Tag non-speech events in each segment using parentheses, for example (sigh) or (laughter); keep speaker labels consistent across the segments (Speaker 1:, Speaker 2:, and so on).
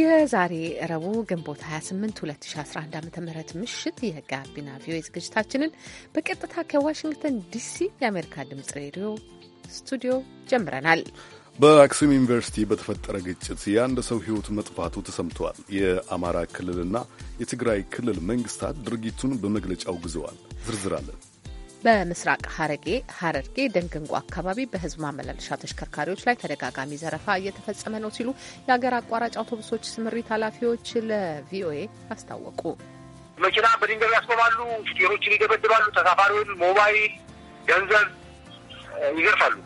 Speaker 1: የዛሬ ረቡ ግንቦት 28 2011 ዓ ም ምሽት የጋቢና ቪኦኤ ዝግጅታችንን በቀጥታ ከዋሽንግተን ዲሲ የአሜሪካ ድምፅ ሬዲዮ ስቱዲዮ ጀምረናል።
Speaker 2: በአክሱም ዩኒቨርሲቲ በተፈጠረ ግጭት የአንድ ሰው ሕይወት መጥፋቱ ተሰምተዋል። የአማራ ክልልና የትግራይ ክልል መንግስታት ድርጊቱን በመግለጫው ግዘዋል። ዝርዝር አለን።
Speaker 1: በምስራቅ ሀረጌ ሀረርጌ ደንግንጎ አካባቢ በህዝብ ማመላለሻ ተሽከርካሪዎች ላይ ተደጋጋሚ ዘረፋ እየተፈጸመ ነው ሲሉ የሀገር አቋራጭ አውቶቡሶች ስምሪት ኃላፊዎች ለቪኦኤ አስታወቁ። መኪና
Speaker 3: በድንጋይ ያስቆማሉ፣ ሹፌሮችን ይደበድባሉ፣ ተሳፋሪውን ሞባይል፣ ገንዘብ ይዘርፋሉ።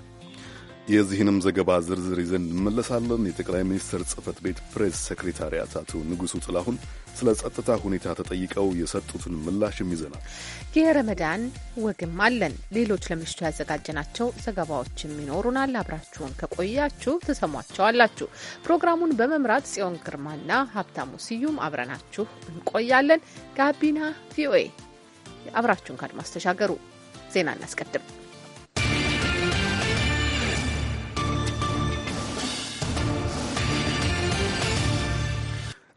Speaker 2: የዚህንም ዘገባ ዝርዝር ይዘን እንመለሳለን። የጠቅላይ ሚኒስትር ጽህፈት ቤት ፕሬስ ሰክሬታሪያት አቶ ንጉሱ ጥላሁን ስለ ጸጥታ ሁኔታ ተጠይቀው የሰጡትን ምላሽም ይዘናል።
Speaker 1: የረመዳን ወግም አለን። ሌሎች ለምሽቱ ያዘጋጀናቸው ዘገባዎችም ይኖሩናል። አብራችሁን ከቆያችሁ ትሰሟቸዋላችሁ። ፕሮግራሙን በመምራት ጽዮን ግርማና ሀብታሙ ስዩም አብረናችሁ እንቆያለን። ጋቢና ቪኦኤ አብራችሁን ካድማስ ተሻገሩ። ዜና እናስቀድም።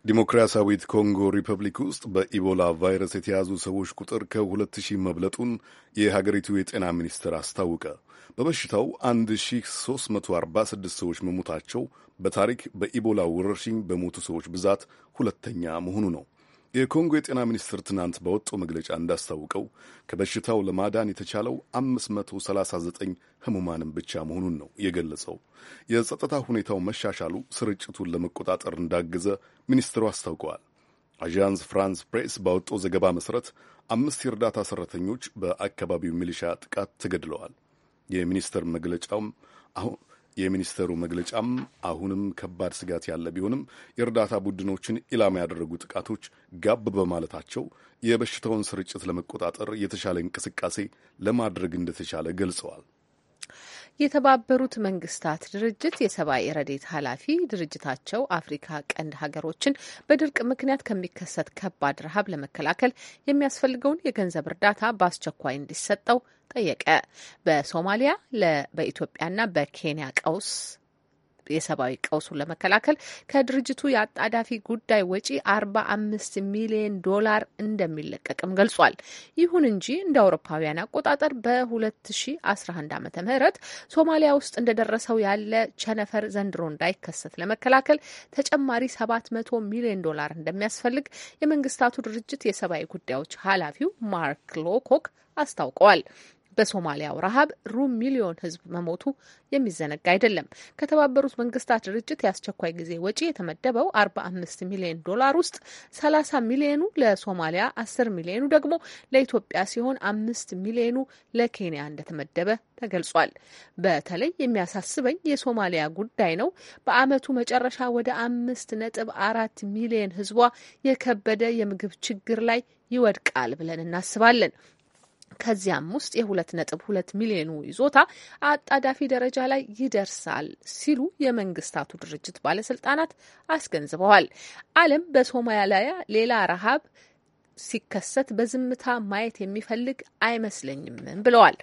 Speaker 2: ዲሞክራሲያዊት ኮንጎ ሪፐብሊክ ውስጥ በኢቦላ ቫይረስ የተያዙ ሰዎች ቁጥር ከ2000 መብለጡን የሀገሪቱ የጤና ሚኒስትር አስታወቀ። በበሽታው 1346 ሰዎች መሞታቸው በታሪክ በኢቦላ ወረርሽኝ በሞቱ ሰዎች ብዛት ሁለተኛ መሆኑ ነው። የኮንጎ የጤና ሚኒስትር ትናንት በወጣው መግለጫ እንዳስታውቀው ከበሽታው ለማዳን የተቻለው 539 ህሙማንም ብቻ መሆኑን ነው የገለጸው። የጸጥታ ሁኔታው መሻሻሉ ስርጭቱን ለመቆጣጠር እንዳገዘ ሚኒስትሩ አስታውቀዋል። አዣንስ ፍራንስ ፕሬስ ባወጣው ዘገባ መሠረት አምስት የእርዳታ ሠራተኞች በአካባቢው ሚሊሻ ጥቃት ተገድለዋል። የሚኒስትር መግለጫውም አሁን የሚኒስተሩ መግለጫም አሁንም ከባድ ስጋት ያለ ቢሆንም የእርዳታ ቡድኖችን ኢላማ ያደረጉ ጥቃቶች ጋብ በማለታቸው የበሽታውን ስርጭት ለመቆጣጠር የተሻለ እንቅስቃሴ ለማድረግ እንደተቻለ ገልጸዋል።
Speaker 1: የተባበሩት መንግስታት ድርጅት የሰብአዊ ረዴት ኃላፊ ድርጅታቸው አፍሪካ ቀንድ ሀገሮችን በድርቅ ምክንያት ከሚከሰት ከባድ ረሃብ ለመከላከል የሚያስፈልገውን የገንዘብ እርዳታ በአስቸኳይ እንዲሰጠው ጠየቀ። በሶማሊያ በኢትዮጵያና በኬንያ ቀውስ የሰብአዊ ቀውሱን ለመከላከል ከድርጅቱ የአጣዳፊ ጉዳይ ወጪ አርባ አምስት ሚሊዮን ዶላር እንደሚለቀቅም ገልጿል። ይሁን እንጂ እንደ አውሮፓውያን አቆጣጠር በ2011 ዓ ም ሶማሊያ ውስጥ እንደደረሰው ያለ ቸነፈር ዘንድሮ እንዳይከሰት ለመከላከል ተጨማሪ 700 ሚሊዮን ዶላር እንደሚያስፈልግ የመንግስታቱ ድርጅት የሰብአዊ ጉዳዮች ኃላፊው ማርክ ሎኮክ አስታውቀዋል። በሶማሊያው ረሃብ ሩብ ሚሊዮን ህዝብ መሞቱ የሚዘነጋ አይደለም። ከተባበሩት መንግስታት ድርጅት የአስቸኳይ ጊዜ ወጪ የተመደበው አርባ አምስት ሚሊዮን ዶላር ውስጥ ሰላሳ ሚሊዮኑ ለሶማሊያ፣ አስር ሚሊዮኑ ደግሞ ለኢትዮጵያ ሲሆን አምስት ሚሊዮኑ ለኬንያ እንደተመደበ ተገልጿል። በተለይ የሚያሳስበኝ የሶማሊያ ጉዳይ ነው። በአመቱ መጨረሻ ወደ አምስት ነጥብ አራት ሚሊዮን ህዝቧ የከበደ የምግብ ችግር ላይ ይወድቃል ብለን እናስባለን። ከዚያም ውስጥ የሁለት ነጥብ ሁለት ሚሊዮኑ ይዞታ አጣዳፊ ደረጃ ላይ ይደርሳል ሲሉ የመንግስታቱ ድርጅት ባለስልጣናት አስገንዝበዋል። ዓለም በሶማሊያ ሌላ ረሃብ ሲከሰት በዝምታ ማየት የሚፈልግ አይመስለኝም ብለዋል።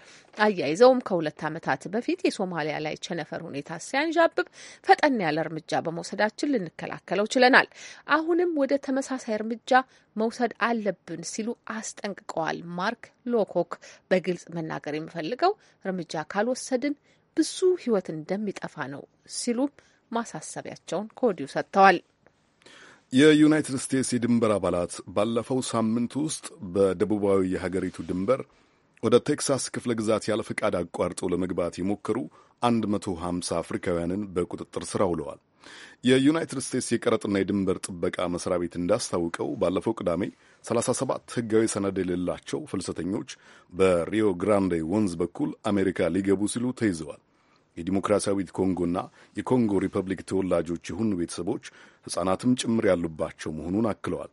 Speaker 1: አያይዘውም ከሁለት ዓመታት በፊት የሶማሊያ ላይ ቸነፈር ሁኔታ ሲያንዣብብ ፈጠን ያለ እርምጃ በመውሰዳችን ልንከላከለው ችለናል። አሁንም ወደ ተመሳሳይ እርምጃ መውሰድ አለብን ሲሉ አስጠንቅቀዋል። ማርክ ሎኮክ በግልጽ መናገር የሚፈልገው እርምጃ ካልወሰድን ብዙ ሕይወት እንደሚጠፋ ነው ሲሉ ማሳሰቢያቸውን ከወዲሁ ሰጥተዋል።
Speaker 2: የዩናይትድ ስቴትስ የድንበር አባላት ባለፈው ሳምንት ውስጥ በደቡባዊ የሀገሪቱ ድንበር ወደ ቴክሳስ ክፍለ ግዛት ያለ ፈቃድ አቋርጠው ለመግባት የሞከሩ 150 አፍሪካውያንን በቁጥጥር ስር ውለዋል። የዩናይትድ ስቴትስ የቀረጥና የድንበር ጥበቃ መስሪያ ቤት እንዳስታውቀው ባለፈው ቅዳሜ 37 ሕጋዊ ሰነድ የሌላቸው ፍልሰተኞች በሪዮ ግራንዴ ወንዝ በኩል አሜሪካ ሊገቡ ሲሉ ተይዘዋል። የዲሞክራሲያዊት ኮንጎና የኮንጎ ሪፐብሊክ ተወላጆች የሆኑ ቤተሰቦች ሕፃናትም ጭምር ያሉባቸው መሆኑን አክለዋል።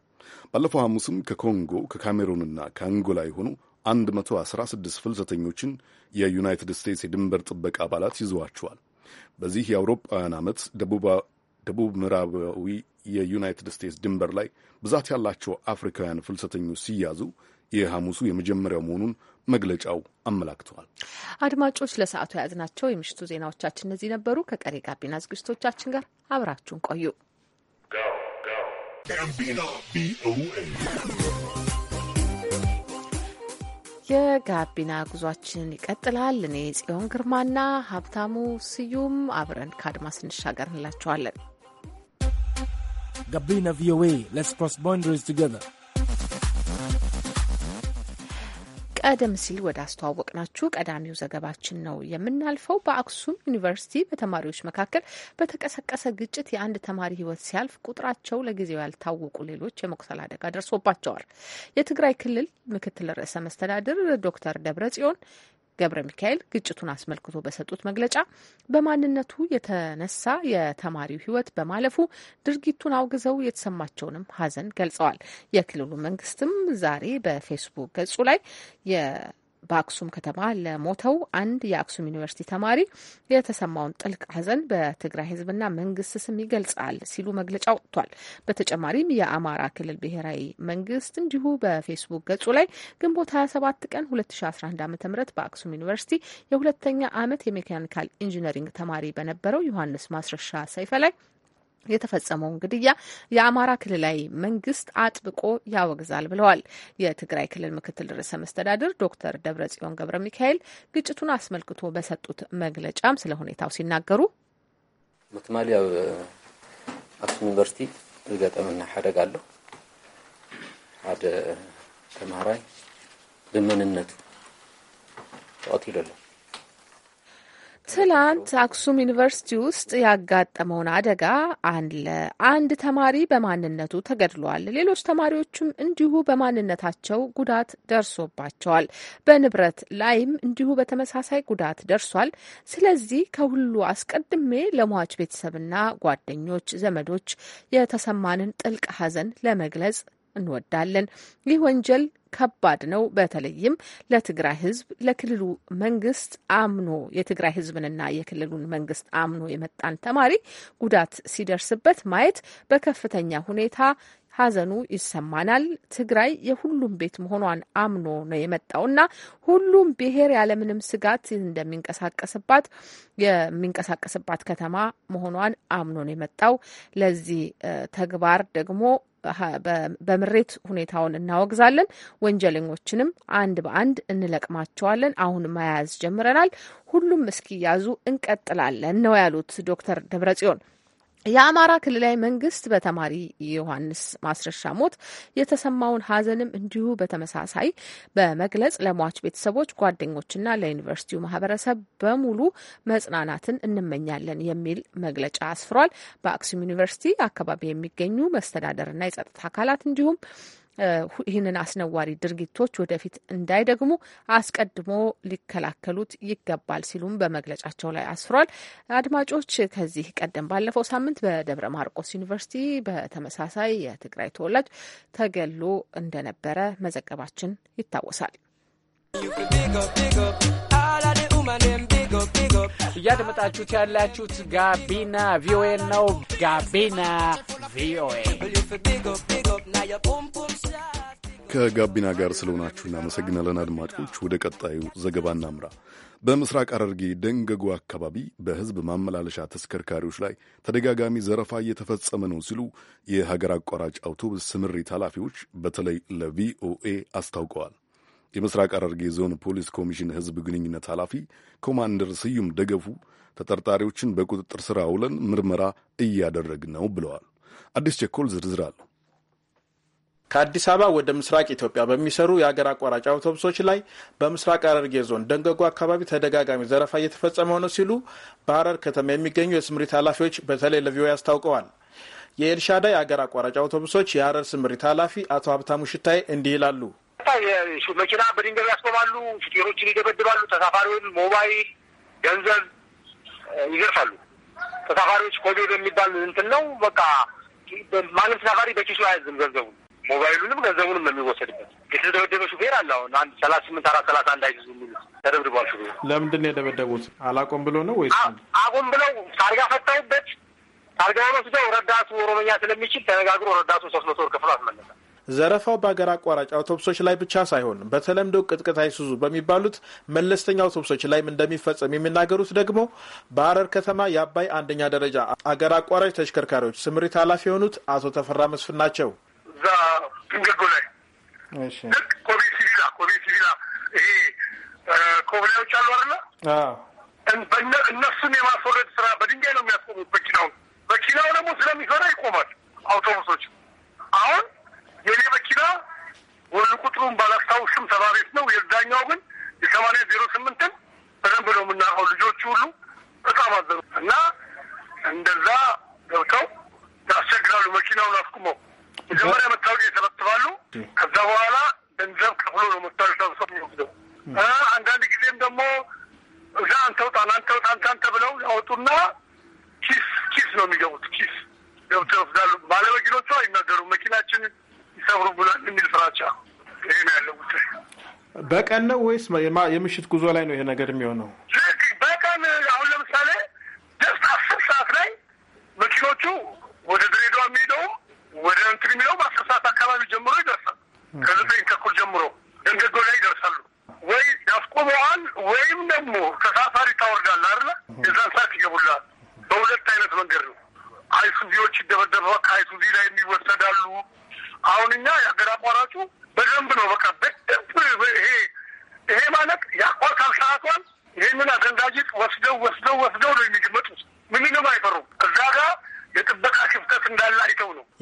Speaker 2: ባለፈው ሐሙስም ከኮንጎ ከካሜሩንና ከአንጎላ የሆኑ 116 ፍልሰተኞችን የዩናይትድ ስቴትስ የድንበር ጥበቃ አባላት ይዘዋቸዋል። በዚህ የአውሮፓውያን ዓመት ደቡብ ምዕራባዊ የዩናይትድ ስቴትስ ድንበር ላይ ብዛት ያላቸው አፍሪካውያን ፍልሰተኞች ሲያዙ የሐሙሱ የመጀመሪያው መሆኑን መግለጫው አመላክተዋል።
Speaker 1: አድማጮች፣ ለሰዓቱ የያዝናቸው የምሽቱ ዜናዎቻችን እነዚህ ነበሩ። ከቀሪ ጋቢና ዝግጅቶቻችን ጋር
Speaker 2: አብራችሁን ቆዩ።
Speaker 1: የጋቢና ጉዟችን ይቀጥላል። እኔ ጽዮን ግርማና ሀብታሙ ስዩም አብረን ከአድማስ ስንሻገር እንላችኋለን።
Speaker 3: ጋቢና ቪኦኤ ሌትስ ክሮስ ቦንደሪስ ቱጌዘር
Speaker 1: ቀደም ሲል ወደ አስተዋወቅናችሁ ቀዳሚው ዘገባችን ነው የምናልፈው። በአክሱም ዩኒቨርሲቲ በተማሪዎች መካከል በተቀሰቀሰ ግጭት የአንድ ተማሪ ሕይወት ሲያልፍ ቁጥራቸው ለጊዜው ያልታወቁ ሌሎች የመቁሰል አደጋ ደርሶባቸዋል። የትግራይ ክልል ምክትል ርዕሰ መስተዳድር ዶክተር ደብረ ጽዮን ገብረ ሚካኤል ግጭቱን አስመልክቶ በሰጡት መግለጫ በማንነቱ የተነሳ የተማሪው ሕይወት በማለፉ ድርጊቱን አውግዘው የተሰማቸውንም ሐዘን ገልጸዋል። የክልሉ መንግስትም ዛሬ በፌስቡክ ገጹ ላይ በአክሱም ከተማ ለሞተው አንድ የአክሱም ዩኒቨርሲቲ ተማሪ የተሰማውን ጥልቅ ሐዘን በትግራይ ሕዝብና መንግስት ስም ይገልጻል ሲሉ መግለጫ ወጥቷል። በተጨማሪም የአማራ ክልል ብሔራዊ መንግስት እንዲሁ በፌስቡክ ገጹ ላይ ግንቦት 27 ቀን 2011 ዓ ም በአክሱም ዩኒቨርሲቲ የሁለተኛ ዓመት የሜካኒካል ኢንጂነሪንግ ተማሪ በነበረው ዮሐንስ ማስረሻ ሰይፈ ላይ የተፈጸመውን ግድያ የአማራ ክልላዊ መንግስት አጥብቆ ያወግዛል ብለዋል። የትግራይ ክልል ምክትል ርዕሰ መስተዳድር ዶክተር ደብረጽዮን ገብረ ሚካኤል ግጭቱን አስመልክቶ በሰጡት መግለጫም ስለ ሁኔታው ሲናገሩ
Speaker 4: ምትማሊ ኣብ ኣክሱም ዩኒቨርሲቲ ዝገጠመና ሓደጋ ኣሎ ሓደ ተምሃራይ ብመንነቱ ተቀቲሉ ኣሎ
Speaker 1: ትላንት አክሱም ዩኒቨርሲቲ ውስጥ ያጋጠመውን አደጋ አለ አንድ ተማሪ በማንነቱ ተገድሏል። ሌሎች ተማሪዎችም እንዲሁ በማንነታቸው ጉዳት ደርሶባቸዋል። በንብረት ላይም እንዲሁ በተመሳሳይ ጉዳት ደርሷል። ስለዚህ ከሁሉ አስቀድሜ ለሟች ቤተሰብና ጓደኞች፣ ዘመዶች የተሰማንን ጥልቅ ሐዘን ለመግለጽ እንወዳለን። ይህ ወንጀል ከባድ ነው። በተለይም ለትግራይ ሕዝብ ለክልሉ መንግስት አምኖ የትግራይ ሕዝብንና የክልሉን መንግስት አምኖ የመጣን ተማሪ ጉዳት ሲደርስበት ማየት በከፍተኛ ሁኔታ ሐዘኑ ይሰማናል። ትግራይ የሁሉም ቤት መሆኗን አምኖ ነው የመጣው እና ሁሉም ብሔር ያለምንም ስጋት እንደሚንቀሳቀስባት የሚንቀሳቀስባት ከተማ መሆኗን አምኖ ነው የመጣው። ለዚህ ተግባር ደግሞ በምሬት ሁኔታውን እናወግዛለን። ወንጀለኞችንም አንድ በአንድ እንለቅማቸዋለን። አሁን መያዝ ጀምረናል። ሁሉም እስኪያዙ እንቀጥላለን ነው ያሉት ዶክተር ደብረጽዮን የአማራ ክልላዊ መንግስት በተማሪ ዮሐንስ ማስረሻ ሞት የተሰማውን ሐዘንም እንዲሁ በተመሳሳይ በመግለጽ ለሟች ቤተሰቦች፣ ጓደኞችና ለዩኒቨርሲቲው ማህበረሰብ በሙሉ መጽናናትን እንመኛለን የሚል መግለጫ አስፍሯል። በአክሱም ዩኒቨርሲቲ አካባቢ የሚገኙ መስተዳደርና የጸጥታ አካላት እንዲሁም ይህንን አስነዋሪ ድርጊቶች ወደፊት እንዳይደግሙ አስቀድሞ ሊከላከሉት ይገባል ሲሉም በመግለጫቸው ላይ አስፍሯል። አድማጮች ከዚህ ቀደም ባለፈው ሳምንት በደብረ ማርቆስ ዩኒቨርሲቲ በተመሳሳይ የትግራይ ተወላጅ ተገሎ እንደነበረ መዘገባችን ይታወሳል።
Speaker 5: እያደመጣችሁት ያላችሁት ጋቢና ቪኦኤ ነው። ጋቢና
Speaker 6: ቪኦኤ
Speaker 2: ከጋቢና ጋር ስለሆናችሁ እናመሰግናለን አድማጮች። ወደ ቀጣዩ ዘገባ እናምራ። በምስራቅ ሐረርጌ ደንገጎ አካባቢ በሕዝብ ማመላለሻ ተሽከርካሪዎች ላይ ተደጋጋሚ ዘረፋ እየተፈጸመ ነው ሲሉ የሀገር አቋራጭ አውቶቡስ ስምሪት ኃላፊዎች በተለይ ለቪኦኤ አስታውቀዋል። የምስራቅ ሐረርጌ ዞን ፖሊስ ኮሚሽን ሕዝብ ግንኙነት ኃላፊ ኮማንደር ስዩም ደገፉ ተጠርጣሪዎችን በቁጥጥር ስር አውለን ምርመራ እያደረግ ነው ብለዋል። አዲስ ቸኮል ዝርዝር አለው።
Speaker 7: ከአዲስ አበባ ወደ ምስራቅ ኢትዮጵያ በሚሰሩ የሀገር አቋራጭ አውቶቡሶች ላይ በምስራቅ ሐረርጌ ዞን ደንገጎ አካባቢ ተደጋጋሚ ዘረፋ እየተፈጸመ ነው ሲሉ በሐረር ከተማ የሚገኙ የስምሪት ኃላፊዎች በተለይ ለቪኦኤ አስታውቀዋል። የኤልሻዳይ የሀገር አቋራጭ አውቶቡሶች የሐረር ስምሪት ኃላፊ አቶ ሀብታሙ ሽታዬ እንዲህ ይላሉ።
Speaker 3: መኪና በድንገት ያስቆማሉ፣ ሹፌሮችን ይደበድባሉ፣ ተሳፋሪውን ሞባይል፣ ገንዘብ ይዘርፋሉ። ተሳፋሪዎች ኮቪድ የሚባል እንትን ነው። በቃ ማንም ተሳፋሪ በኪሱ አያዝም ገንዘቡን ሞባይሉንም ገንዘቡንም ነው የሚወሰድበት። የተደበደበ ሹፌር አለ። አሁን አንድ ሰላሳ ስምንት አራት ሰላሳ አንድ አይዙ የሚሉት ተደብድቧል። ሹፌሩ
Speaker 7: ለምንድን ነው የደበደቡት? አላቆም ብሎ ነው ወይስ
Speaker 3: አቁም ብለው ታርጋ ፈታሁበት። ታርጋውን ወስደው ረዳቱ ኦሮመኛ ስለሚችል ተነጋግሮ ረዳቱ ሶስት መቶ ወር
Speaker 7: ክፍሎ አስመለሰ። ዘረፋው በአገር አቋራጭ አውቶቡሶች ላይ ብቻ ሳይሆን በተለምዶ ቅጥቅት አይሱዙ በሚባሉት መለስተኛ አውቶቡሶች ላይም እንደሚፈጸም የሚናገሩት ደግሞ በሀረር ከተማ የአባይ አንደኛ ደረጃ አገር አቋራጭ ተሽከርካሪዎች ስምሪት ኃላፊ የሆኑት አቶ ተፈራ መስፍን ናቸው።
Speaker 3: እዛ ትንገጎ
Speaker 7: ላይ ልክ
Speaker 3: ኮቤ ሲቪላ ኮቤ ሲቪላ ይሄ ኮብላዮች አሉ አለ እነሱን የማስወረድ ስራ በድንጋይ ነው የሚያስቆሙት መኪናውን። መኪናው ደግሞ ስለሚፈራ ይቆማል። አውቶቡሶች አሁን የኔ መኪና ወሉ ቁጥሩን ባላስታውስም ሰባ ነው። የዛኛው ግን የሰማንያ ዜሮ ስምንትን በደንብ ነው የምናውቀው። ልጆቹ ሁሉ በጣም አዘኑ እና እንደዛ ገብተው ያስቸግራሉ መኪናውን አስቁመው መጀመሪያ መታወቂያ ይሰበስባሉ። ከዛ በኋላ ገንዘብ ከፍሎ ነው መታወቂያ ሰብሰብ የሚወስደው። አንዳንድ ጊዜም ደግሞ እዛ አንተውጣን አንተውጣ አንታን ብለው ያወጡና ኪስ ኪስ ነው የሚገቡት። ኪስ ገብተው ይወስዳሉ። ባለመኪኖቹ አይናገሩም። መኪናችን ይሰብሩብናል የሚል ፍራቻ ይሄ ነው ያለው።
Speaker 7: በቀን ነው ወይስ የምሽት ጉዞ ላይ ነው ይሄ ነገር የሚሆነው?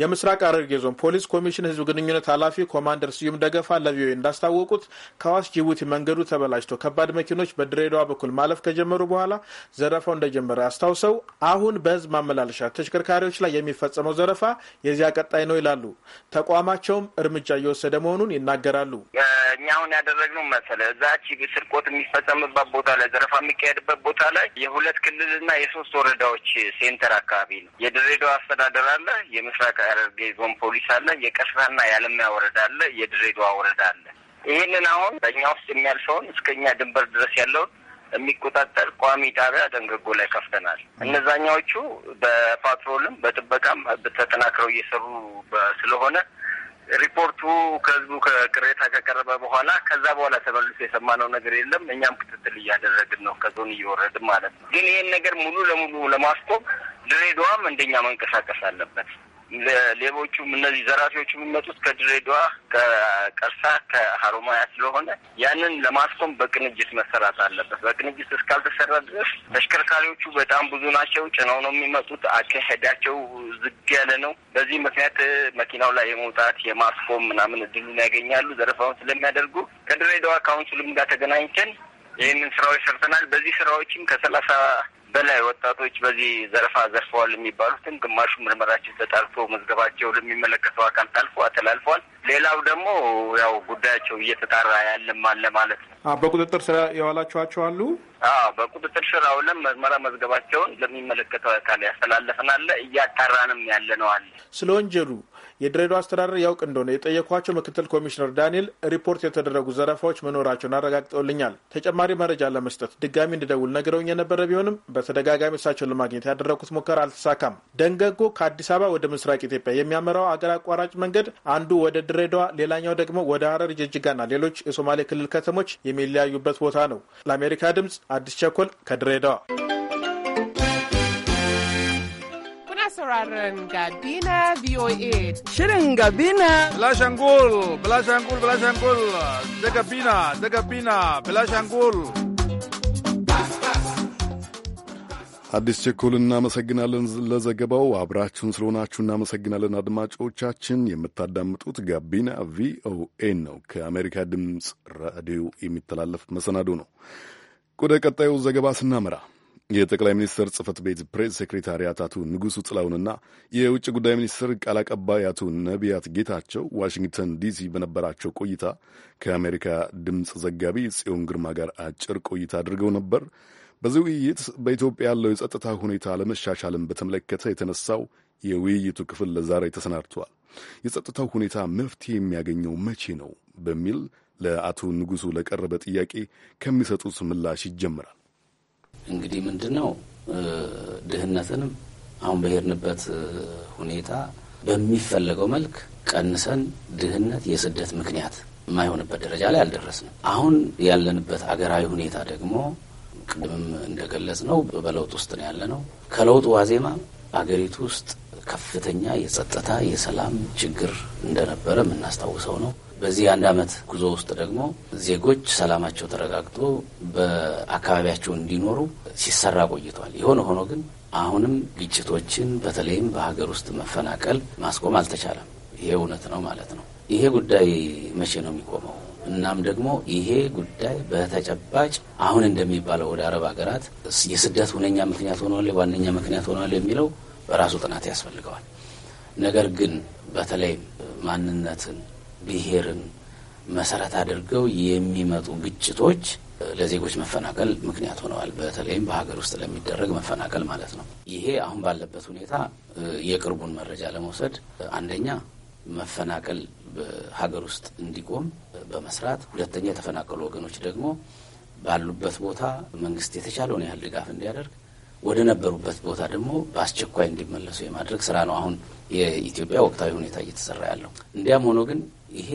Speaker 7: የምስራቅ ሐረርጌ ዞን ፖሊስ ኮሚሽን ህዝብ ግንኙነት ኃላፊ ኮማንደር ስዩም ደገፋ ለቪኦኤ እንዳስታወቁት ከዋስ ጅቡቲ መንገዱ ተበላሽቶ ከባድ መኪኖች በድሬዳዋ በኩል ማለፍ ከጀመሩ በኋላ ዘረፋው እንደጀመረ አስታውሰው አሁን በህዝብ ማመላለሻ ተሽከርካሪዎች ላይ የሚፈጸመው ዘረፋ የዚያ ቀጣይ ነው ይላሉ። ተቋማቸውም እርምጃ እየወሰደ መሆኑን ይናገራሉ።
Speaker 6: እኛ አሁን ያደረግነው መሰለ እዛች ስርቆት የሚፈጸምበት ቦታ ላይ ዘረፋ የሚካሄድበት ቦታ ላይ የሁለት ክልልና የሶስት ወረዳዎች ሴንተር አካባቢ ነው። የድሬዳዋ አስተዳደር አለ፣ የምስራቅ ሐረርጌ ዞን ፖሊስ አለ፣ የቀስራና የአለሚያ ወረዳ አለ፣ የድሬዳዋ ወረዳ አለ። ይህንን አሁን በእኛ ውስጥ የሚያልፈውን እስከ ድንበር ድረስ ያለውን የሚቆጣጠር ቋሚ ጣቢያ ደንገጎ ላይ ከፍተናል። እነዛኛዎቹ በፓትሮልም በጥበቃም ተጠናክረው እየሰሩ ስለሆነ ሪፖርቱ ከህዝቡ ከቅሬታ ከቀረበ በኋላ ከዛ በኋላ ተመልሶ የሰማነው ነገር የለም። እኛም ክትትል እያደረግን ነው፣ ከዞን እየወረድን ማለት ነው። ግን ይህን ነገር ሙሉ ለሙሉ ለማስቆም ድሬዳዋም እንደኛ መንቀሳቀስ አለበት። ሌቦቹም እነዚህ ዘራፊዎቹ የሚመጡት ከድሬዳዋ፣ ከቀርሳ፣ ከሀሮማያ ስለሆነ ያንን ለማስቆም በቅንጅት መሰራት አለበት። በቅንጅት እስካልተሰራ ድረስ ተሽከርካሪዎቹ በጣም ብዙ ናቸው። ጭነው ነው የሚመጡት። አካሄዳቸው ዝግ ያለ ነው። በዚህ ምክንያት መኪናው ላይ የመውጣት የማስቆም ምናምን እድሉን ያገኛሉ። ዘረፋውን ስለሚያደርጉ ከድሬዳዋ ካውንስልም ጋር ተገናኝተን ይህንን ስራዎች ሰርተናል። በዚህ ስራዎችም ከሰላሳ በላይ ወጣቶች በዚህ ዘረፋ ዘርፈዋል የሚባሉትን ግማሹ ምርመራቸው ተጣርቶ መዝገባቸው ለሚመለከተው አካል ታልፎ ተላልፏል። ሌላው
Speaker 7: ደግሞ ያው ጉዳያቸው እየተጣራ ያለም አለ ማለት ነው። በቁጥጥር ስራ የዋላችኋቸው አሉ?
Speaker 6: በቁጥጥር ስር አውለን ምርመራ መዝገባቸውን ለሚመለከተው አካል ያስተላለፍናለ እያጣራንም ያለ ነው አለ
Speaker 7: ስለ ወንጀሉ የድሬዳዋ አስተዳደር ያውቅ እንደሆነ የጠየኳቸው ምክትል ኮሚሽነር ዳንኤል ሪፖርት የተደረጉ ዘረፋዎች መኖራቸውን አረጋግጠውልኛል። ተጨማሪ መረጃ ለመስጠት ድጋሚ እንድደውል ነግረውኝ የነበረ ቢሆንም በተደጋጋሚ እሳቸውን ለማግኘት ያደረጉት ሙከራ አልተሳካም። ደንገጎ ከአዲስ አበባ ወደ ምስራቅ ኢትዮጵያ የሚያመራው አገር አቋራጭ መንገድ አንዱ ወደ ድሬዳዋ፣ ሌላኛው ደግሞ ወደ ሀረር፣ ጅጅጋና ሌሎች የሶማሌ ክልል ከተሞች የሚለያዩበት ቦታ ነው። ለአሜሪካ ድምጽ አዲስ ቸኮል ከድሬዳዋ taron Gabina VOA. Shirin Gabina. Bilashangul, Bilashangul, Bilashangul, da Gabina, da
Speaker 2: አዲስ ቸኮል እናመሰግናለን ለዘገባው። አብራችሁን ስለሆናችሁ እናመሰግናለን። አድማጮቻችን የምታዳምጡት ጋቢና ቪኦኤን ነው፣ ከአሜሪካ ድምፅ ራዲዮ የሚተላለፍ መሰናዶ ነው። ወደ ቀጣዩ ዘገባ ስናመራ የጠቅላይ ሚኒስትር ጽህፈት ቤት ፕሬስ ሴክሬታሪያት አቶ ንጉሱ ጥላውንና የውጭ ጉዳይ ሚኒስትር ቃል አቀባይ አቶ ነቢያት ጌታቸው ዋሽንግተን ዲሲ በነበራቸው ቆይታ ከአሜሪካ ድምፅ ዘጋቢ ጽዮን ግርማ ጋር አጭር ቆይታ አድርገው ነበር። በዚህ ውይይት በኢትዮጵያ ያለው የጸጥታ ሁኔታ ለመሻሻልን በተመለከተ የተነሳው የውይይቱ ክፍል ለዛሬ ተሰናድቷል። የጸጥታው ሁኔታ መፍትሄ የሚያገኘው መቼ ነው በሚል ለአቶ ንጉሱ ለቀረበ ጥያቄ ከሚሰጡት ምላሽ ይጀምራል። እንግዲህ ምንድን ነው ድህነትንም አሁን በሄድንበት ሁኔታ
Speaker 4: በሚፈለገው መልክ ቀንሰን ድህነት የስደት ምክንያት የማይሆንበት ደረጃ ላይ አልደረስንም። አሁን ያለንበት አገራዊ ሁኔታ ደግሞ ቅድምም እንደገለጽ ነው በለውጥ ውስጥ ነው ያለ ነው። ከለውጡ ዋዜማ አገሪቱ ውስጥ ከፍተኛ የጸጥታ የሰላም ችግር እንደነበረ የምናስታውሰው ነው። በዚህ አንድ አመት ጉዞ ውስጥ ደግሞ ዜጎች ሰላማቸው ተረጋግጦ በአካባቢያቸው እንዲኖሩ ሲሰራ ቆይቷል። የሆነ ሆኖ ግን አሁንም ግጭቶችን በተለይም በሀገር ውስጥ መፈናቀል ማስቆም አልተቻለም። ይሄ እውነት ነው ማለት ነው። ይሄ ጉዳይ መቼ ነው የሚቆመው? እናም ደግሞ ይሄ ጉዳይ በተጨባጭ አሁን እንደሚባለው ወደ አረብ ሀገራት የስደት ሁነኛ ምክንያት ሆኗል፣ ዋነኛ ምክንያት ሆኗል የሚለው በራሱ ጥናት ያስፈልገዋል። ነገር ግን በተለይም ማንነትን ብሔርን መሰረት አድርገው የሚመጡ ግጭቶች ለዜጎች መፈናቀል ምክንያት ሆነዋል። በተለይም በሀገር ውስጥ ለሚደረግ መፈናቀል ማለት ነው። ይሄ አሁን ባለበት ሁኔታ የቅርቡን መረጃ ለመውሰድ አንደኛ መፈናቀል በሀገር ውስጥ እንዲቆም በመስራት ሁለተኛ የተፈናቀሉ ወገኖች ደግሞ ባሉበት ቦታ መንግስት የተቻለውን ያህል ድጋፍ እንዲያደርግ ወደ ነበሩበት ቦታ ደግሞ በአስቸኳይ እንዲመለሱ የማድረግ ስራ ነው አሁን የኢትዮጵያ ወቅታዊ ሁኔታ እየተሰራ ያለው። እንዲያም ሆኖ ግን ይሄ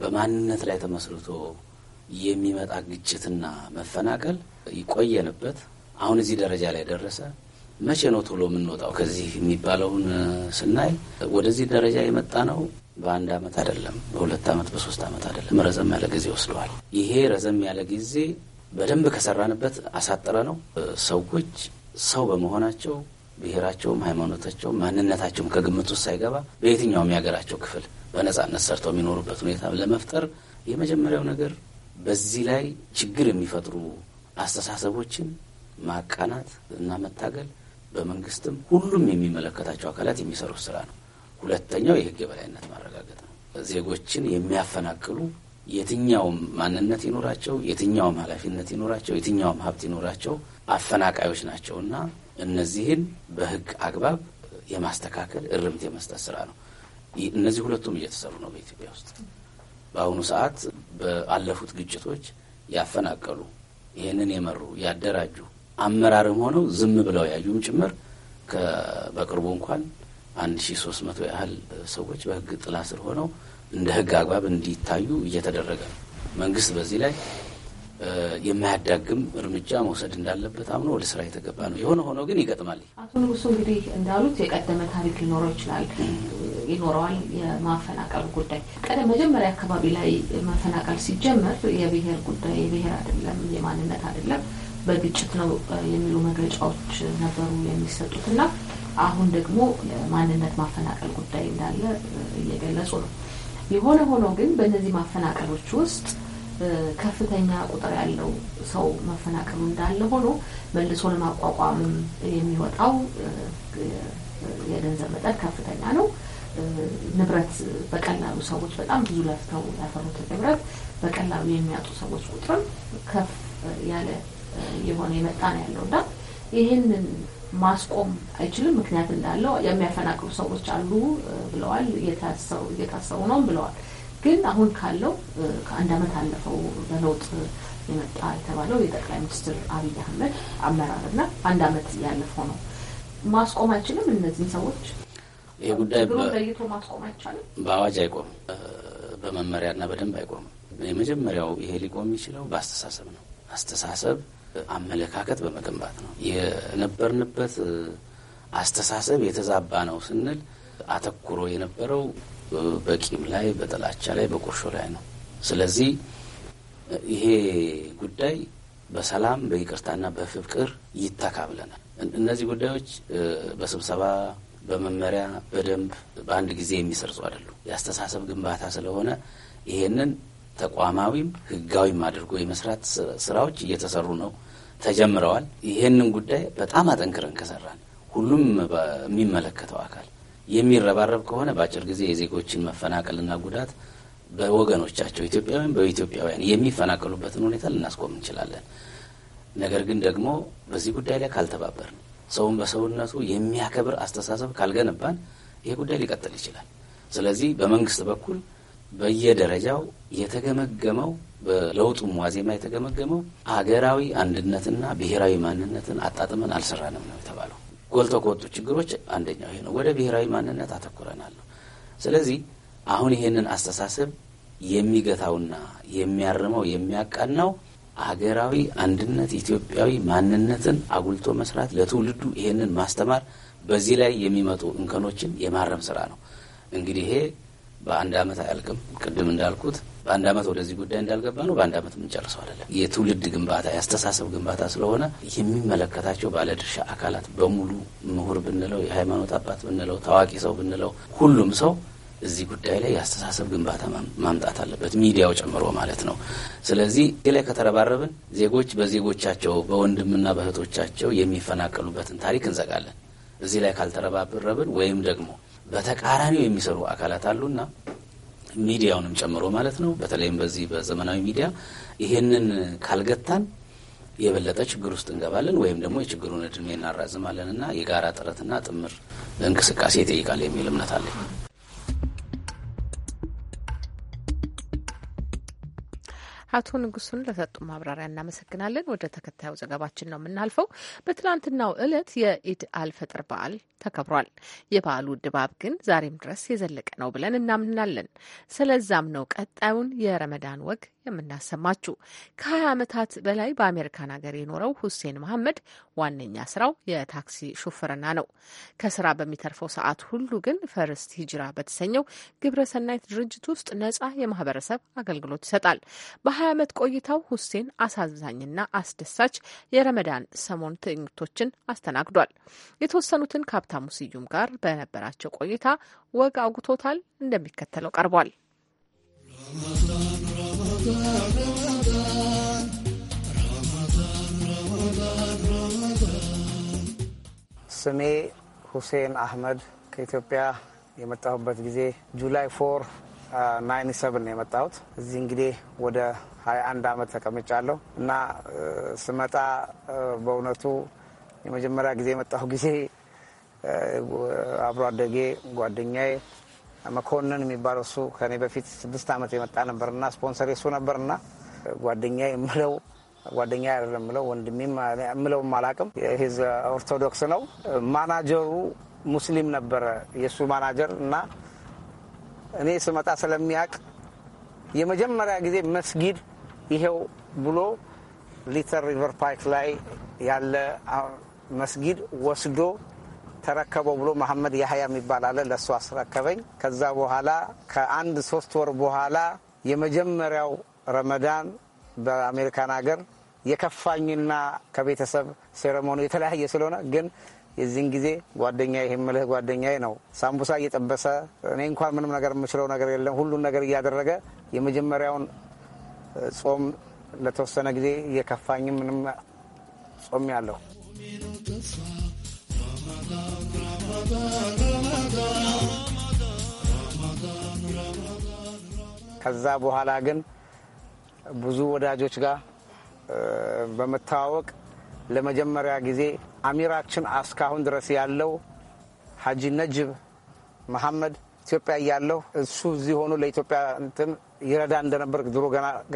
Speaker 4: በማንነት ላይ ተመስርቶ የሚመጣ ግጭትና መፈናቀል ይቆየንበት አሁን እዚህ ደረጃ ላይ ደረሰ። መቼ ነው ቶሎ የምንወጣው ከዚህ የሚባለውን ስናይ ወደዚህ ደረጃ የመጣ ነው በአንድ ዓመት አይደለም፣ በሁለት ዓመት በሶስት ዓመት አይደለም። ረዘም ያለ ጊዜ ወስደዋል። ይሄ ረዘም ያለ ጊዜ በደንብ ከሰራንበት አሳጥረ ነው ሰዎች ሰው በመሆናቸው ብሔራቸውም ሃይማኖታቸውም ማንነታቸውም ከግምት ውስጥ ሳይገባ በየትኛውም የሀገራቸው ክፍል በነጻነት ሰርተው የሚኖሩበት ሁኔታ ለመፍጠር የመጀመሪያው ነገር በዚህ ላይ ችግር የሚፈጥሩ አስተሳሰቦችን ማቃናት እና መታገል በመንግስትም ሁሉም የሚመለከታቸው አካላት የሚሰሩት ስራ ነው። ሁለተኛው የህግ የበላይነት ማረጋገጥ ነው። ዜጎችን የሚያፈናቅሉ የትኛውም ማንነት ይኖራቸው፣ የትኛውም ኃላፊነት ይኖራቸው፣ የትኛውም ሀብት ይኖራቸው አፈናቃዮች ናቸው እና እነዚህን በህግ አግባብ የማስተካከል እርምት የመስጠት ስራ ነው። እነዚህ ሁለቱም እየተሰሩ ነው በኢትዮጵያ ውስጥ በአሁኑ ሰዓት በአለፉት ግጭቶች ያፈናቀሉ ይህንን የመሩ ያደራጁ አመራርም ሆነው ዝም ብለው ያዩም ጭምር በቅርቡ እንኳን አንድ ሺ ሶስት መቶ ያህል ሰዎች በህግ ጥላ ስር ሆነው እንደ ህግ አግባብ እንዲታዩ እየተደረገ ነው። መንግስት በዚህ ላይ የማያዳግም እርምጃ መውሰድ እንዳለበት አምኖ ወደ ስራ የተገባ ነው። የሆነ ሆኖ ግን ይገጥማል።
Speaker 1: አቶ ንጉሱ እንግዲህ እንዳሉት የቀደመ ታሪክ ሊኖረው ይችላል ይኖረዋል። የማፈናቀል ጉዳይ ቀደም መጀመሪያ አካባቢ ላይ ማፈናቀል ሲጀመር የብሔር ጉዳይ የብሔር አይደለም፣ የማንነት አይደለም፣ በግጭት ነው የሚሉ መግለጫዎች ነበሩ የሚሰጡት እና አሁን ደግሞ የማንነት ማፈናቀል ጉዳይ እንዳለ እየገለጹ ነው። የሆነ ሆኖ ግን በእነዚህ ማፈናቀሎች ውስጥ ከፍተኛ ቁጥር ያለው ሰው መፈናቀሉ እንዳለ ሆኖ መልሶ ለማቋቋምም የሚወጣው የገንዘብ መጠን ከፍተኛ ነው። ንብረት በቀላሉ ሰዎች በጣም ብዙ ለፍተው ያፈሩትን ንብረት በቀላሉ የሚያጡ ሰዎች ቁጥርም ከፍ ያለ የሆነ የመጣ ነው ያለው እና ይህንን ማስቆም አይችልም። ምክንያት እንዳለው የሚያፈናቅሉ ሰዎች አሉ ብለዋል፣ እየታሰሩ ነው ብለዋል። ግን አሁን ካለው ከአንድ አመት አለፈው በለውጥ የመጣ የተባለው የጠቅላይ ሚኒስትር አብይ አህመድ አመራርና አንድ አመት ያለፈው ነው። ማስቆም አይችልም እነዚህን ሰዎች ይህ ጉዳይ ለይቶ ማስቆም አይቻልም።
Speaker 4: በአዋጅ አይቆምም፣ በመመሪያና በደንብ አይቆምም። የመጀመሪያው ይሄ ሊቆም የሚችለው በአስተሳሰብ ነው። አስተሳሰብ አመለካከት በመገንባት ነው። የነበርንበት አስተሳሰብ የተዛባ ነው ስንል አተኩሮ የነበረው በቂም ላይ፣ በጥላቻ ላይ፣ በቁርሾ ላይ ነው። ስለዚህ ይሄ ጉዳይ በሰላም በይቅርታና በፍቅር ይተካ ብለናል። እነዚህ ጉዳዮች በስብሰባ በመመሪያ በደንብ በአንድ ጊዜ የሚሰርጹ አይደሉም። የአስተሳሰብ ግንባታ ስለሆነ ይሄንን ተቋማዊም ህጋዊም አድርጎ የመስራት ስራዎች እየተሰሩ ነው፣ ተጀምረዋል። ይሄንን ጉዳይ በጣም አጠንክረን ከሰራን ሁሉም የሚመለከተው አካል የሚረባረብ ከሆነ በአጭር ጊዜ የዜጎችን መፈናቀልና ጉዳት በወገኖቻቸው ኢትዮጵያውያን በኢትዮጵያውያን የሚፈናቀሉበትን ሁኔታ ልናስቆም እንችላለን። ነገር ግን ደግሞ በዚህ ጉዳይ ላይ ካልተባበርን፣ ሰውን በሰውነቱ የሚያከብር አስተሳሰብ ካልገነባን ይሄ ጉዳይ ሊቀጥል ይችላል። ስለዚህ በመንግስት በኩል በየደረጃው የተገመገመው በለውጡም ዋዜማ የተገመገመው አገራዊ አንድነትና ብሔራዊ ማንነትን አጣጥመን አልሰራንም ነው የተባለው። ጎልቶ ከወጡ ችግሮች አንደኛው ይሄ ነው። ወደ ብሔራዊ ማንነት አተኩረናል ነው። ስለዚህ አሁን ይሄንን አስተሳሰብ የሚገታውና የሚያርመው የሚያቃናው ሀገራዊ አንድነት ኢትዮጵያዊ ማንነትን አጉልቶ መስራት፣ ለትውልዱ ይሄንን ማስተማር፣ በዚህ ላይ የሚመጡ እንከኖችን የማረም ስራ ነው። እንግዲህ ይሄ በአንድ አመት አያልቅም። ቅድም እንዳልኩት በአንድ ዓመት ወደዚህ ጉዳይ እንዳልገባ ነው። በአንድ ዓመት የምንጨርሰው አይደለም። የትውልድ ግንባታ፣ የአስተሳሰብ ግንባታ ስለሆነ የሚመለከታቸው ባለድርሻ አካላት በሙሉ ምሁር ብንለው፣ የሃይማኖት አባት ብንለው፣ ታዋቂ ሰው ብንለው፣ ሁሉም ሰው እዚህ ጉዳይ ላይ የአስተሳሰብ ግንባታ ማምጣት አለበት፣ ሚዲያው ጨምሮ ማለት ነው። ስለዚህ ይህ ላይ ከተረባረብን ዜጎች በዜጎቻቸው በወንድምና በእህቶቻቸው የሚፈናቀሉበትን ታሪክ እንዘጋለን። እዚህ ላይ ካልተረባረብን ወይም ደግሞ በተቃራኒው የሚሰሩ አካላት አሉና ሚዲያውንም ጨምሮ ማለት ነው። በተለይም በዚህ በዘመናዊ ሚዲያ ይሄንን ካልገታን የበለጠ ችግር ውስጥ እንገባለን ወይም ደግሞ የችግሩን እድሜ እናራዝማለን እና የጋራ ጥረትና ጥምር እንቅስቃሴ ይጠይቃል የሚል እምነት አለኝ።
Speaker 1: አቶ ንጉሱን ለሰጡ ማብራሪያ እናመሰግናለን። ወደ ተከታዩ ዘገባችን ነው የምናልፈው። በትናንትናው ዕለት የኢድ አልፈጥር በዓል ተከብሯል። የበዓሉ ድባብ ግን ዛሬም ድረስ የዘለቀ ነው ብለን እናምናለን። ስለዛም ነው ቀጣዩን የረመዳን ወግ የምናሰማችሁ። ከ20 ዓመታት በላይ በአሜሪካን ሀገር የኖረው ሁሴን መሐመድ ዋነኛ ስራው የታክሲ ሹፍርና ነው። ከስራ በሚተርፈው ሰዓት ሁሉ ግን ፈርስት ሂጅራ በተሰኘው ግብረሰናይት ድርጅት ውስጥ ነጻ የማህበረሰብ አገልግሎት ይሰጣል። በ20 ዓመት ቆይታው ሁሴን አሳዛኝና አስደሳች የረመዳን ሰሞን ትዕይንቶችን አስተናግዷል። የተወሰኑትን ሀብታሙ ስዩም ጋር በነበራቸው ቆይታ ወግ አውግቶታል። እንደሚከተለው ቀርቧል።
Speaker 5: ስሜ ሁሴን አህመድ ከኢትዮጵያ የመጣሁበት ጊዜ ጁላይ ፎር ናይንቲ ሰብን ነው የመጣሁት። እዚህ እንግዲህ ወደ 21 ዓመት ተቀምጫለሁ እና ስመጣ በእውነቱ የመጀመሪያ ጊዜ የመጣሁ ጊዜ አብሮ አደጌ ጓደኛዬ መኮንን የሚባለው እሱ ከኔ በፊት ስድስት ዓመት የመጣ ነበርና ስፖንሰር እሱ ነበርና ጓደኛዬ የምለው ጓደኛ አይደለም ምለው ወንድሜ ምለውም አላቅም። ሂዝ ኦርቶዶክስ ነው። ማናጀሩ ሙስሊም ነበረ የእሱ ማናጀር እና እኔ ስመጣ ስለሚያውቅ የመጀመሪያ ጊዜ መስጊድ ይሄው ብሎ ሊተር ሪቨር ፓይክ ላይ ያለ መስጊድ ወስዶ ተረከበው ብሎ መሐመድ ያህያ የሚባል አለ። ለእሱ አስረከበኝ። ከዛ በኋላ ከአንድ ሶስት ወር በኋላ የመጀመሪያው ረመዳን በአሜሪካን ሀገር የከፋኝና ከቤተሰብ ሴረሞኒ የተለያየ ስለሆነ ግን የዚህን ጊዜ ጓደኛ የምልህ ጓደኛዬ ነው። ሳምቡሳ እየጠበሰ እኔ እንኳን ምንም ነገር የምችለው ነገር የለም ሁሉን ነገር እያደረገ የመጀመሪያውን ጾም ለተወሰነ ጊዜ እየከፋኝ ምንም ጾም ያለው ከዛ በኋላ ግን ብዙ ወዳጆች ጋር በመተዋወቅ ለመጀመሪያ ጊዜ አሚራችን እስካሁን ድረስ ያለው ሀጂ ነጅብ መሐመድ ኢትዮጵያ እያለሁ እሱ እዚህ ሆኖ ለኢትዮጵያ እንትን ይረዳ እንደነበር ድሮ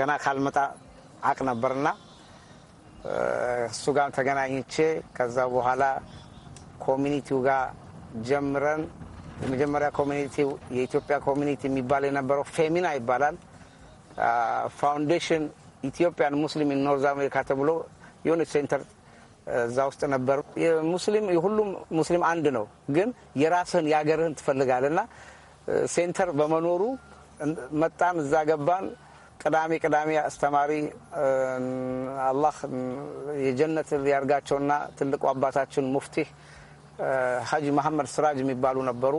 Speaker 5: ገና ካልመጣ አቅ ነበርና እሱ ጋር ተገናኝቼ ከዛ በኋላ ኮሚኒቲው ጋር ጀምረን የመጀመሪያ ኮሚኒቲ የኢትዮጵያ ኮሚኒቲ የሚባል የነበረው ፌሚና ይባላል። ፋውንዴሽን ኢትዮጵያን ሙስሊም ኖርዝ አሜሪካ ተብሎ የሆነች ሴንተር እዛ ውስጥ ነበር። ሙስሊም የሁሉም ሙስሊም አንድ ነው፣ ግን የራስህን የሀገርህን ትፈልጋለህ እና ሴንተር በመኖሩ መጣን፣ እዛ ገባን። ቅዳሜ ቅዳሜ አስተማሪ አላህ የጀነት ያርጋቸውና ትልቁ አባታችን ሙፍቲህ ሀጂ መሐመድ ስራጅ የሚባሉ ነበሩ።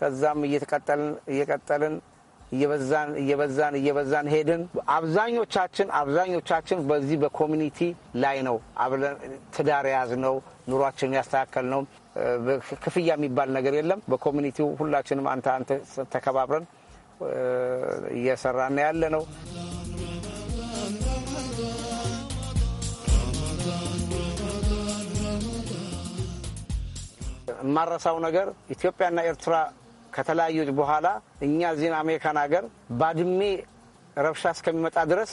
Speaker 5: ከዛም እየቀጠልን እየበዛን እየበዛን እየበዛን ሄድን። አብዛኞቻችን አብዛኞቻችን በዚህ በኮሚኒቲ ላይ ነው አብረን ትዳር የያዝነው ያስተካከል ነው። ክፍያ የሚባል ነገር የለም። በኮሚኒቲው ሁላችንም አንተ አንተ ተከባብረን እየሰራን ያለ ነው። የማረሳው ነገር ኢትዮጵያና ኤርትራ ከተለያዩ በኋላ እኛ እዚህን አሜሪካን ሀገር ባድሜ ረብሻ እስከሚመጣ ድረስ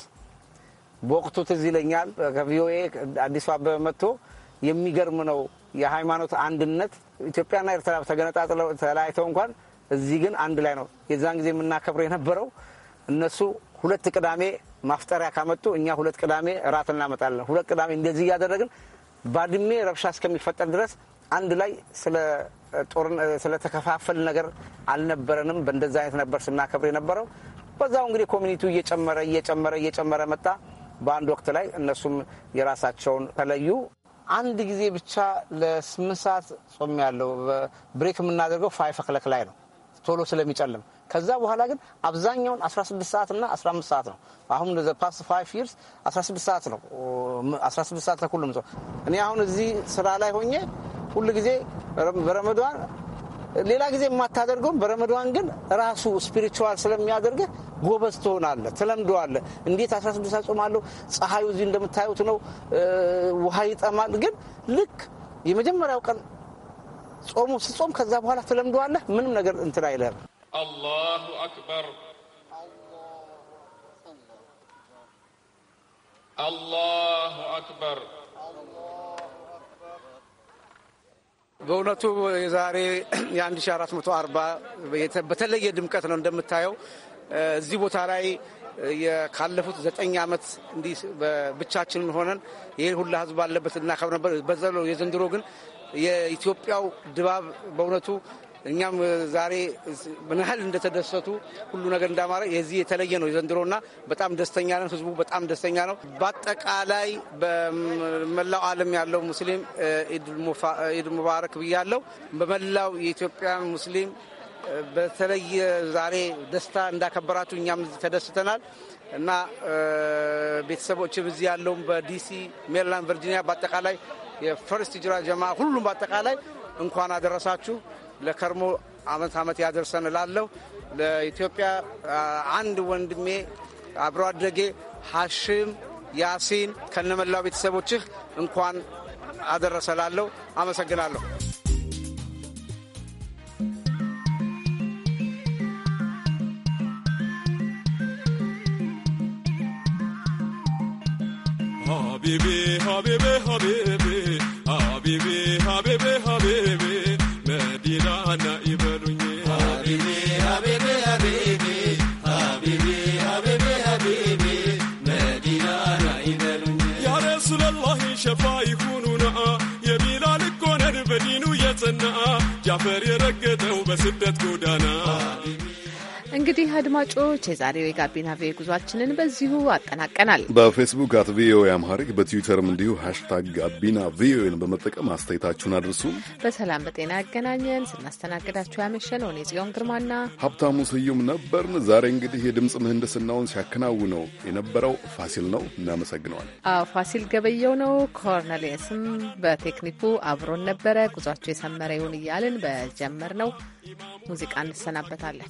Speaker 5: በወቅቱ ትዝ ይለኛል ከቪኦኤ አዲስ አበበ መጥቶ የሚገርም ነው የሃይማኖት አንድነት ኢትዮጵያና ኤርትራ ተገነጣጥለው ተለያይተው እንኳን እዚህ ግን አንድ ላይ ነው። የዛን ጊዜ የምናከብረው የነበረው እነሱ ሁለት ቅዳሜ ማፍጠሪያ ካመጡ እኛ ሁለት ቅዳሜ እራት እናመጣለን። ሁለት ቅዳሜ እንደዚህ እያደረግን ባድሜ ረብሻ እስከሚፈጠር ድረስ አንድ ላይ ስለ ስለተከፋፈል ነገር አልነበረንም። በእንደዚ አይነት ነበር ስናከብር የነበረው። በዛው እንግዲህ ኮሚኒቲው እየጨመረ እየጨመረ እየጨመረ መጣ። በአንድ ወቅት ላይ እነሱም የራሳቸውን ተለዩ። አንድ ጊዜ ብቻ ለስምንት ሰዓት ጾም ያለው ብሬክ የምናደርገው ፋይፍ ክለክ ላይ ነው ቶሎ ስለሚጨልም። ከዛ በኋላ ግን አብዛኛውን 16 ሰዓት እና 15 ሰዓት ነው። አሁን ፓስት ፋይቭ ይርስ 16 ሰዓት ነው። 16 ሰዓት ተኩል እኔ አሁን እዚህ ስራ ላይ ሆኜ ሁል ጊዜ በረመዷን ሌላ ጊዜ የማታደርገውም በረመዷን ግን ራሱ ስፒሪቹዋል ስለሚያደርግህ ጎበዝ ትሆናለህ፣ ትለምደዋለህ። እንዴት 16 አጾማለሁ፣ ፀሐዩ እዚህ እንደምታዩት ነው፣ ውሃ ይጠማል። ግን ልክ የመጀመሪያው ቀን ጾሙ ስጾም ከዛ በኋላ ትለምደዋለህ። ምንም ነገር እንትን አይለም
Speaker 6: አላሁ አክበር
Speaker 5: በእውነቱ የዛሬ (clears throat) የ1440 በተለየ ድምቀት ነው እንደምታየው እዚህ ቦታ ላይ ካለፉት ዘጠኝ ዓመት እንዲህ ብቻችንን ሆነን ይህን ሁላ ህዝብ ባለበት እናከብር ነበር። በዘሎ የዘንድሮ ግን የኢትዮጵያው ድባብ በእውነቱ እኛም ዛሬ ምን ያህል እንደተደሰቱ ሁሉ ነገር እንዳማረ የዚህ የተለየ ነው የዘንድሮና በጣም ደስተኛ ነን። ህዝቡ በጣም ደስተኛ ነው። በአጠቃላይ በመላው ዓለም ያለው ሙስሊም ኢድ ሙባረክ ብያለው። በመላው የኢትዮጵያ ሙስሊም በተለየ ዛሬ ደስታ እንዳከበራችሁ እኛም ተደስተናል እና ቤተሰቦችም እዚህ ያለውም በዲሲ ሜሪላንድ፣ ቨርጂኒያ በአጠቃላይ የፈርስት ጅራ ጀማ ሁሉም በአጠቃላይ እንኳን አደረሳችሁ። ለከርሞ አመት አመት ያደርሰን እላለሁ። ለኢትዮጵያ አንድ ወንድሜ አብሮ አደጌ ሀሽም ያሲን ከነመላው ቤተሰቦችህ እንኳን አደረሰላለሁ። አመሰግናለሁ።
Speaker 8: አፈር የረገጠው በስደት ጎዳና
Speaker 1: እንግዲህ አድማጮች የዛሬው የጋቢና ቪ ጉዟችንን በዚሁ አጠናቀናል።
Speaker 2: በፌስቡክ አት ቪኦኤ አምሃሪክ በትዊተርም እንዲሁ ሃሽታግ ጋቢና ቪኦኤን በመጠቀም አስተያየታችሁን አድርሱ።
Speaker 1: በሰላም በጤና ያገናኘን። ስናስተናግዳችሁ ያመሸነው እኔ ጽዮን ግርማና
Speaker 2: ሀብታሙ ስዩም ነበርን። ዛሬ እንግዲህ የድምፅ ምህንድስናውን ሲያከናውነው የነበረው ፋሲል ነው። እናመሰግነዋል።
Speaker 1: አዎ ፋሲል ገበየው ነው። ኮርኔሌስም በቴክኒኩ አብሮን ነበረ። ጉዟቸው የሰመረ ይሁን እያልን በጀመር ነው ሙዚቃ እንሰናበታለን።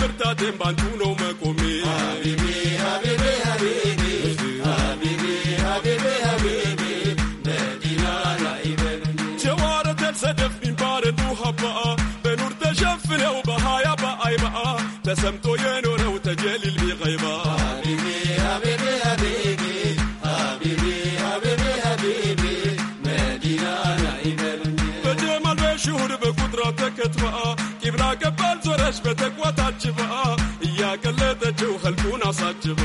Speaker 8: ብርታቴን ባንቱ ነው መቆሜ ሀቢቢ ሀቢቢ ሀቢቢ ሀቢቢ ሀቢቢ ሀቢቢ መዲና ላይበን ጀዋረ ተልሰደፍ ሚንባረዱ ሀባአ በኑር ተሸፍነው በሀያ በአይባአ ተሰምቶ የኖረው ተጀሊል ቢቀይባ ሀቢቢ ሀቢቢ ሀቢቢ ሀቢቢ ሀቢቢ ሀቢቢ መዲና ላይበን በጀማል በሽሁር በቁጥራት ተከትባ ቂብላ ገባል ዞረች በተ ሕይወት አጅባ እያቀለጠችው ህልቁን አሳጅባ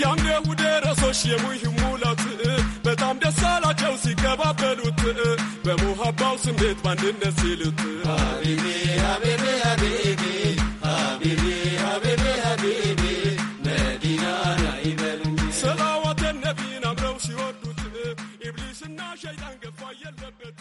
Speaker 8: ያምዴ ውዴ ረሶች የሙይ ሙላት በጣም ደስ አላቸው ሲቀባበሉት በሙሀባው ስሜት ባንድነት ሲሉት ሰላዋተን ነቢን አምረው ሲወዱ şeyden gıfayı